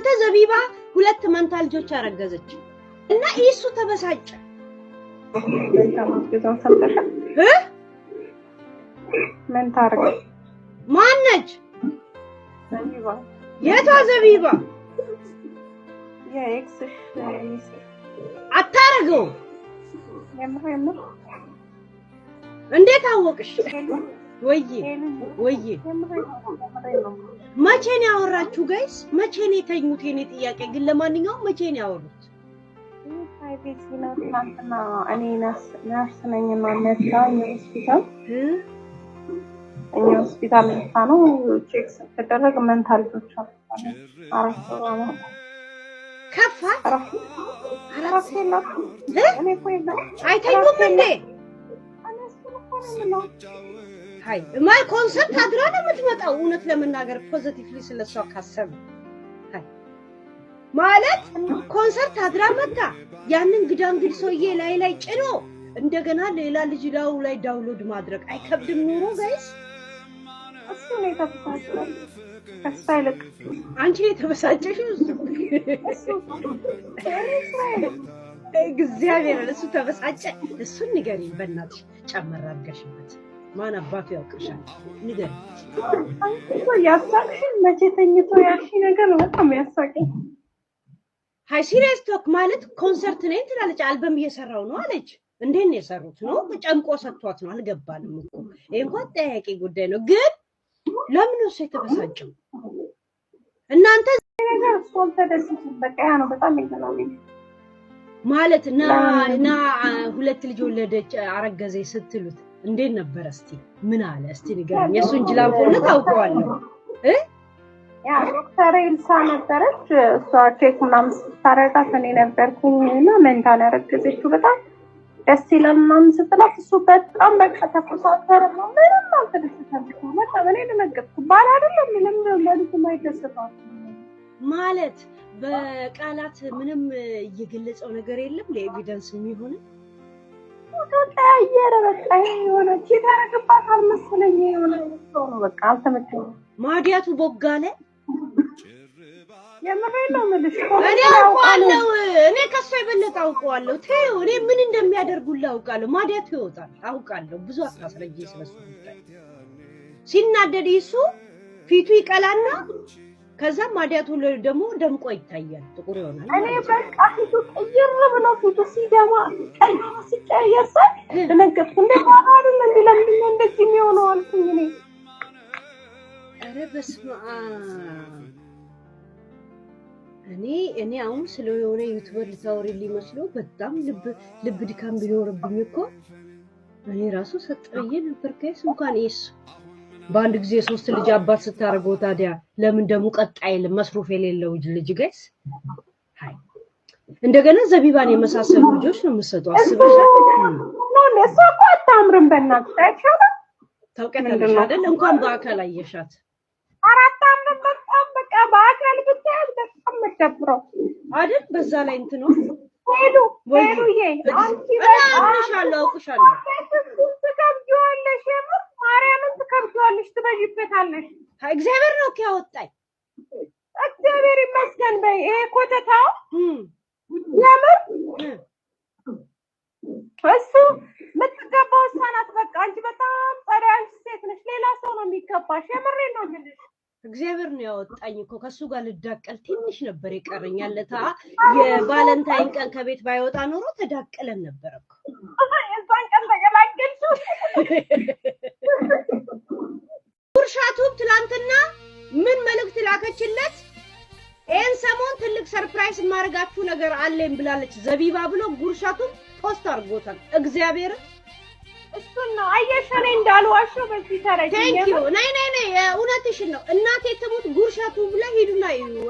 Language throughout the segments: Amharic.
እናንተ ዘቢባ ሁለት መንታ ልጆች አረገዘች እና ይሱ ተበሳጨ። መንታ አረገዘች። ማነች? ዘቢባ። የቷ ዘቢባ? አታረገው። እንዴት አወቅሽ? ወይ ወይ መቼ ነው ያወራችሁ ጋይስ? መቼ ነው የተኙት? የኔ ጥያቄ ግን ለማንኛውም መቼ ነው ያወሩት? እኛ ሆስፒታል መታ ነው ቼክ ስትደረግ መንታ ልጆች ከፋ አይተኙም እንዴ? ማይ ኮንሰርት አድራ ነው የምትመጣው። እውነት ለመናገር ፖዘቲቭሊ ስለሷ ካሰብ ማለት ኮንሰርት አድራ መታ ያንን ግዳ እንግድ ሰውዬ ላይ ላይ ጭኖ እንደገና ሌላ ልጅ ላው ላይ ዳውንሎድ ማድረግ አይከብድም ኑሮ ጋይስ። እሱ ነው የተበሳጨው። ከእሷ አንቺ ነው የተበሳጨሽው። እግዚአብሔር እሱ ተበሳጨ። እሱን ንገሪኝ በእናትሽ ጨመር አድርገሽበት ማን አባቱ ያውቅሻል? ንገሪኝ። ያሳቅሽን መቼ ተኝቶ ያልሽ ነገር በጣም ያሳቅ ሀይ ሲሪየስ ቶክ ማለት ኮንሰርት ነኝ ትላለች። አልበም እየሰራው ነው አለች። እንዴት ነው የሰሩት? ነው ጨምቆ ሰጥቷት ነው። አልገባንም እኮ ይህ እንኳን ጠያቂ ጉዳይ ነው። ግን ለምን እሱ የተበሳጨው እናንተ ነገር እሷም ተደሰተች። በቃ ያ ነው በጣም ማለት ና ና ሁለት ልጅ ወለደች አረገዘ ስትሉት እንዴት ነበረ? እስቲ ምን አለ? እስቲ ንገረኝ። የእሱን ጅላንፎነት አውቀዋለሁ። ያ ዶክተር ኤልሳ ነበረች እሷ ቼክ ምናምን ስታረጋት እኔ ነበርኩኝ እና መንታ ነው ያረገዘችው። በጣም ደስ ይላል ምናምን ስትላት እሱ በጣም በቃ ተኮሳተረ ነው ምንም አልተደሰተም። በጣም እኔ ደነገጥኩ። ባል አይደለም ምንም ለልጅ ማይደሰታል ማለት በቃላት ምንም እየገለጸው ነገር የለም ለኤቪደንስ የሚሆንም ተቀያየረ። በቃ ይሄ የሆነች የተረገባታል የሆነ ነው በቃ አልተመቸኝም። ማዲያቱ ቦጋለ የምሬን ነው የምልሽ። እኔ አውቀዋለሁ፣ እኔ ከእሷ የበለጠ አውቀዋለሁ። ተይው፣ እኔ ምን እንደሚያደርጉልህ አውቃለሁ። ማዲያቱ ይወጣል፣ አውቃለሁ። ብዙ አታስረጅ ስለሱ ሲናደድ እሱ ፊቱ ይቀላና ከዛም ማዲያቱ ደግሞ ደምቆ ይታያል፣ ጥቁር ይሆናል። እኔ በቃ ፊቱ ቀይር ብሎ ፊቱ ሲደማ ቀይ ሲቀየር ሳይ ደነገጥኩ። እንደ ባህል እንዲ ለምንድን ነው እንደዚህ የሚሆነው አልኩኝ እኔ። ኧረ በስመ አብ! እኔ እኔ አሁን ስለሆነ ዩቱበር ልታወሪ ሊመስለው በጣም ልብ ድካም ቢኖርብኝ እኮ እኔ ራሱ ሰጥ ብዬ ነበር። ከየስ እንኳን የሱ በአንድ ጊዜ ሶስት ልጅ አባት ስታደርገው ታዲያ ለምን ደግሞ ቀጣይ መስሩፍ የሌለው ልጅ ጋይስ እንደገና ዘቢባን የመሳሰሉ ልጆች ነው የምትሰጡ። አስበሻል። እሷ እኮ አታምርም። በእናትሽ አይሻልም። ታውቂያታለሽ አይደል? እንኳን በአካል አየሻት። አራት አምር በጣም በቃ በአካል ብታያት በጣም የምትደብረው አይደል? በዛ ላይ እንትኗ ሄዱ ሄዱ ይሄ አንቺ ዬ አውቅሻለሁ አውቅሻለሁ ትወጣለሽ፣ ትበይበታለሽ። እግዚአብሔር ነው እኮ ያወጣኝ። እግዚአብሔር ይመስገን በይ። ይሄ ኮተታው የምር እሱ የምትገባው እሷ ናት። በቃ አንቺ በጣም ጸዳ አንቺ ሴት ነሽ። ሌላ ሰው ነው የሚገባሽ። የምሬ ነው የምልሽ። እግዚአብሔር ነው ያወጣኝ እኮ ከእሱ ጋር ልዳቀል ትንሽ ነበር የቀረኝ። ያለታ የቫለንታይን ቀን ከቤት ባይወጣ ኖሮ ተዳቅለን ነበር እኮ እዛን ቀን ተገላገልሽው ኩርሻቱብ ትላንትና ምን መልእክት ላከችለት? ይህን ሰሞን ትልቅ ሰርፕራይዝ የማደርጋችሁ ነገር አለኝ ብላለች ዘቢባ ብሎ ጉርሻቱም ፖስት አድርጎታል። እግዚአብሔር እሱና ነው አየሽ፣ እኔ እንዳልዋሸው በዚህ ተረጅ ቴንኪዩ። ነይ ነይ ነይ፣ እውነትሽን ነው እናቴ ትሙት ጉርሻቱም ላይ ሂዱና እዩ፣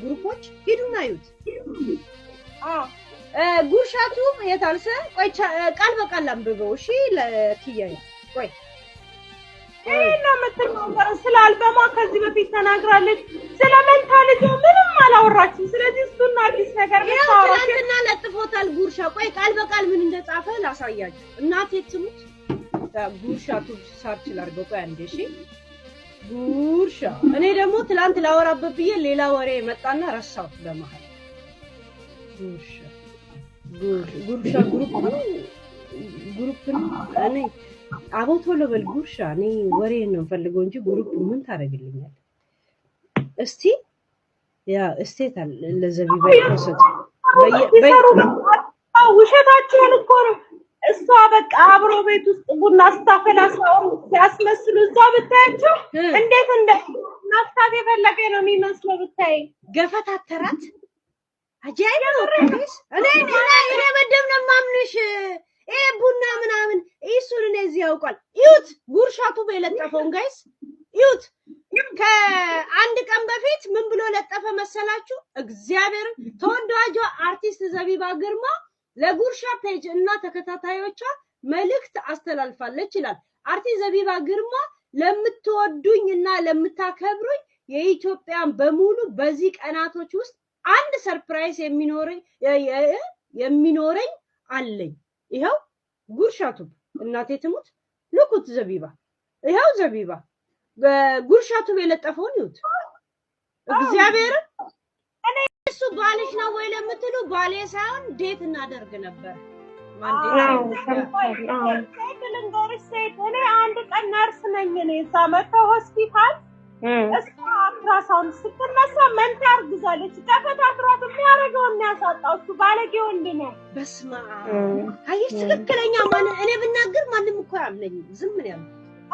ግሩፖች ሂዱና እዩት። ጉርሻቱም የታልሰ ቆይ፣ ቃል በቃል አንብበው እሺ፣ ለኪያ ቆይ የምትል መንበር ስለ አልበማ ከዚህ በፊት ተናግራለች። ስለ መንታ ልጇ ምንም አላወራችም። ስለዚህ እሱና አዲስ ነገር ትናንትና ለጥፎታል ጉርሻ። ቆይ ቃል በቃል ምን እንደጻፈ ላሳያችሁ። እናቴ ትሙት ጉርሻ ቱ ሳርች ላድርገው። ቆይ አንዴ እሺ። ጉርሻ እኔ ደግሞ ትላንት ላወራበት ብዬ ሌላ ወሬ መጣና ረሳሁት ለመሀል ጉርሻ ጉርሻ ግሩፕ ነው ግሩፕ ነው እኔ አቦ ቶሎ በል ጉርሻ። እኔ ወሬ ነው ፈልገው እንጂ ጉሩፕ ምን ታደርግልኛል? እስቲ ያ እስቴት ለዘቢባ ይወሰድ። ውሸታችሁን እኮ ነው። እሷ በቃ አብሮ ቤት ውስጥ ቡና ስታፈላ ሲያስመስሉ እዛ ብታያቸው እንዴት እንደ መፍታት የፈለገ ነው የሚመስለው። ብታይ ገፈታተራት አጀ ነው ማምንሽ ይሄ ቡና ምናምን እሱን እዚህ ያውቋል። ይዩት ጉርሻቱ የለጠፈውን ጋይስ ይዩት። ከአንድ ቀን በፊት ምን ብሎ ለጠፈ መሰላችሁ? እግዚአብሔር ተወዳጇ አርቲስት ዘቢባ ግርማ ለጉርሻ ፔጅ እና ተከታታዮቿ መልእክት አስተላልፋለች ይላል። አርቲስት ዘቢባ ግርማ ለምትወዱኝ እና ለምታከብሩኝ የኢትዮጵያን በሙሉ በዚህ ቀናቶች ውስጥ አንድ ሰርፕራይዝ የሚኖረኝ የሚኖረኝ አለኝ ይኸው ጉርሻቱብ እናቴ ትሙት ልኩት ዘቢባ ይኸው ዘቢባ ጉርሻቱብ የለጠፈውን ይሁት እግዚአብሔር እሱ ባልሽ ነው ወይ ለምትሉ ባሌ ሳይሆን ዴት እናደርግ ነበር። ልንገርሽ ሴት እኔ አንድ ቀን ነርስ ነኝ እኔ እዛ መጥተው ሆስፒታል እስከ አልትራሳውንድ ስትነሳ መንታ አርግዛለች። ተፈታትሯት የሚያደርገውን የሚያሳጣው እሱ ባለጌ ወንድ ነው። በስመ አብ አየሽ፣ ትክክለኛ ማን እኔ ብናገር ማንም እኮ ያምነኝም ዝም ነው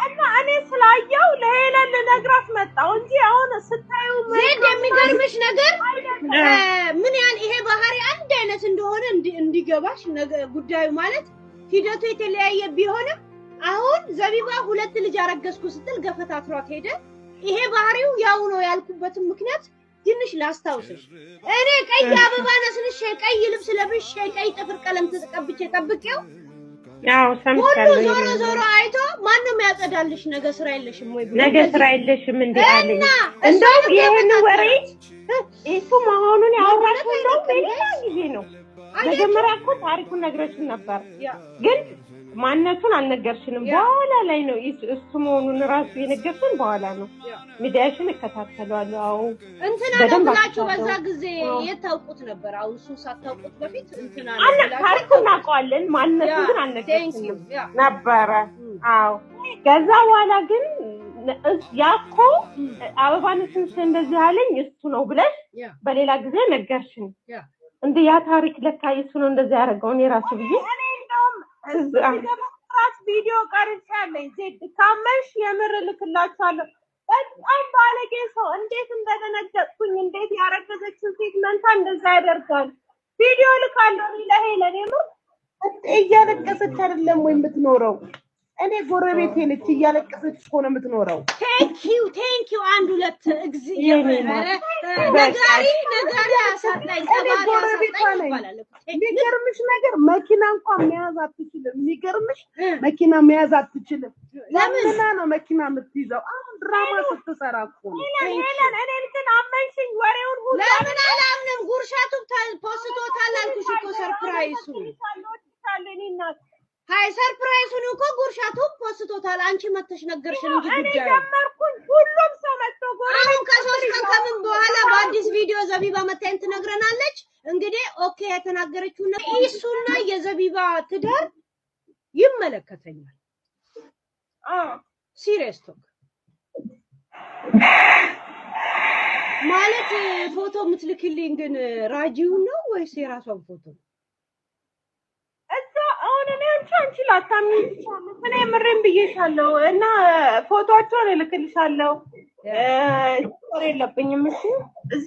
እና እኔ ስላየው ለሄለን ልነግራት መጣሁ እንጂ አሁን ስታዩ ዜድ፣ የሚገርምሽ ነገር ምን ያህል ይሄ ባህሪ አንድ አይነት እንደሆነ እንዲገባሽ ጉዳዩ ማለት ሂደቱ የተለያየ ቢሆንም አሁን ዘቢባ ሁለት ልጅ አረገዝኩ ስትል ገፈታትሯት ሄደ። ይሄ ባህሪው ያው ነው ያልኩበትን ምክንያት ትንሽ ላስታውስሽ። እኔ ቀይ አበባ ነስንሽ ቀይ ልብስ ለብሽ ቀይ ጥፍር ቀለም ተቀብቼ ጠብቄው ሁሉ ዞሮ ዞሮ አይቶ ማንም ያጸዳልሽ፣ ነገ ስራ የለሽም ወይ ነገ ስራ የለሽም እንዴ አለኝ። እንደውም ይሄን ወሬ እሱ መሆኑን ያወራሽ እንደውም በሌላ ጊዜ ነው። መጀመሪያ እኮ ታሪኩን ነግረሽን ነበር ግን ማነቱን አልነገርሽንም። በኋላ ላይ ነው እሱ መሆኑን ራሱ የነገርሽን በኋላ ነው። ሚዲያሽን እከታተሏለሁ። አዎ እንትና ነው በዛ ጊዜ የታውቁት ነበር? አሁ እሱ ሳታውቁት በፊት እንትና ታሪኩ እናውቀዋለን። ማነቱ ግን አልነገርሽንም ነበረ። አዎ ከዛ በኋላ ግን ያኮ አበባነትን እንደዚህ አለኝ እሱ ነው ብለሽ በሌላ ጊዜ ነገርሽን። እንደ ያ ታሪክ ለካ እሱ ነው እንደዚህ ያደረገውን የራሱ ብዬ ራስ ቪዲዮ ቀርጫ ያለኝ ዜድ ካመሽ የምር እልክላችኋለሁ። በጣም ባለጌ ሰው እንዴት እንደደነገጥኩኝ እንዴት ያረገዘችው ሴት መንታ እንደዛ ያደርጋል። ቪዲዮ ልካለሁ ለሄለን የምር እያለቀሰች አይደለም ወይ የምትኖረው? እኔ ጎረቤቴ ነች። እያለቀሰች እኮ ነው የምትኖረው። ቴንኪው ቴንኪው። አንድ ሁለት እግዚአብሔር የሚገርምሽ ነገር መኪና እንኳን መያዝ አትችልም። የሚገርምሽ መኪና መያዝ አትችልም። ነው መኪና የምትይዘው? አሁን ድራማ ስትሰራ እኮ ነው። ጉርሻቱ ፖስቶታል ሰርፕራይሱን እኮ ጉርሻቱ ፖስቶታል። አንቺ መተሽ ነገርሽን እንጂ ጉዳዩ ከምን በኋላ በአዲስ ቪዲዮ ዘቢባ መታየም ትነግረናለች። እንግዲህ ኦኬ የተናገረችው ነ እሱና የዘቢባ ትዳር ይመለከተኛል። አዎ ሲሪየስ ቶክ ማለት ፎቶ የምትልክልኝ ግን ራጂውን ነው ወይስ የራሷን ፎቶ ነው? እዛ አሁን እኔ አንቺ አንቺ ላታሚ ምን ምሬም ብዬሻለሁ እና ፎቶቸውን እልክልሻለሁ የለብኝም እሺ